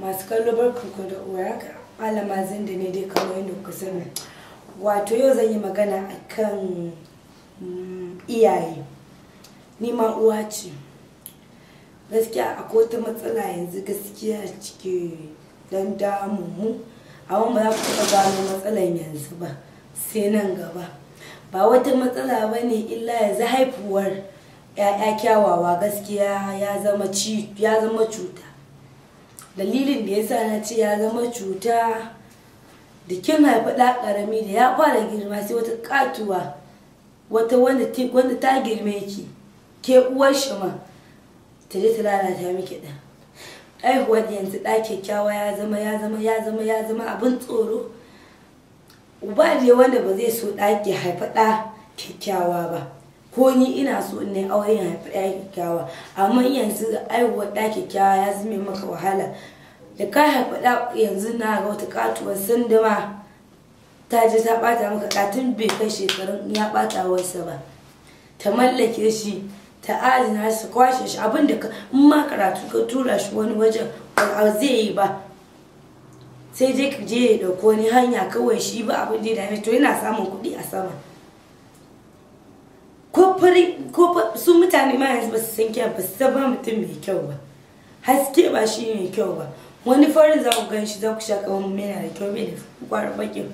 masu kallo barkanku da waraka malama da ne dai kamar yadda ku sani wato yau zan yi magana a kan mm, iyaye ni ma uwa ce gaskiya akwai wata matsala yanzu gaskiya cike don damu mu amma ba za ku taɓa gano matsalan yanzu ba sai nan gaba ba wata matsala ba ne illa yanzu haifuwar 'ya'ya kyawawa gaskiya ya zama cuta dalilin da ya sa na ce ya zama cuta da kin haifi ɗa ƙarami da ya fara girma sai wata ƙatuwa wata wanda ta girme ki ke uwar shi ma ta je ta lalata miki ɗa da yanzu ɗa kyakkyawa ya zama ya zama ya zama ya zama abin tsoro uba ne wanda ba zai so ɗa ke haifa ɗa kyakkyawa ba ko ni ina so ne aure ya haifi ɗaya kyakkyawa amma yanzu aiwa ɗaya kyakkyawa ya zame maka wahala da ka haifi ɗa yanzu na ga wata katuwar sanduma ta je ta ɓata maka katun bai kai shekarun ya ɓata wasa ba ta mallake shi ta adana su kwashe shi abin da ka in ma karatu ka tura shi wani wajen ba zai yi ba sai dai ka je ya dauko wani hanya kawai shi ba abin da ya dame to yana samun kuɗi a sama ko su mutane ma yanzu ba su san kyau ba su ba mutum mai kyau ba haske ba shi ne kyau ba wani farin za ku gan shi za ku sha mu mai da kyau mai da kwarar bakin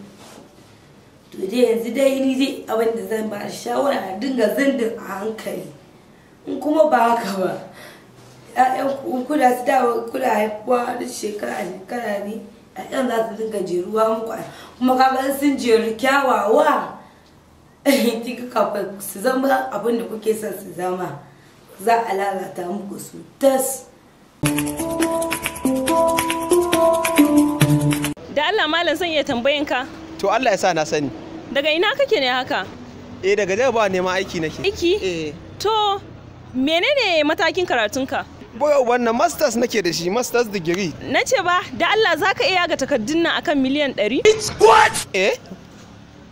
to dai yanzu dai ni dai abin da zan ba shawara a dinga zandin a hankali in kuma ba haka ba ku da su dawo da haifuwa da shekara shekara ne ƴaƴan za su dinga jeruwa muku kuma kaga sun jeru kyawawa kika kafa su zama abin da kuke son su zama za a lalata muku su tas da Allah malam zan iya tambayin ka to Allah ya sa na sani daga ina kake ne haka eh daga jihar ba neman aiki nake aiki eh to menene matakin karatunka Boya wannan masters nake da shi masters degree na ce ba da Allah zaka iya ga takardun nan akan miliyan 100 it's what eh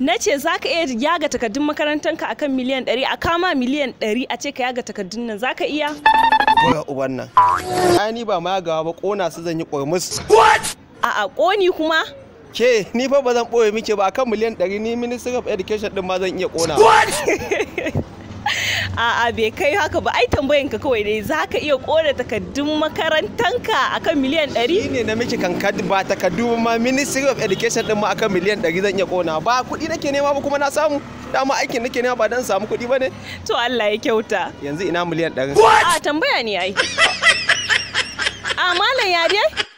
na ce za ka iya yaga takardun makarantanka akan miliyan 100 a kama miliyan 100 a ce ka yaga takardun nan za ka iya ga uban nan ni ba ma gawa ba kona su zan yi What? a a ƙoni kuma ke ni fa ba zan ɓoye miki ba akan miliyan 100 ni ministry of education din ma zan iya ƙona a'a bai kai haka ba ai tambayan ka kawai dai za ka iya kore takaddun makarantanka akan miliyan 100 ne na miki kankad ba takaddu ma ministry of education din ma akan miliyan 100 zan iya kona ba kuɗi nake nema ba kuma na samu dama aikin nake nema ba dan samu kuɗi ba ne to Allah ya kyauta yanzu ina miliyan 100 a tambaya ne ai a malam ya dai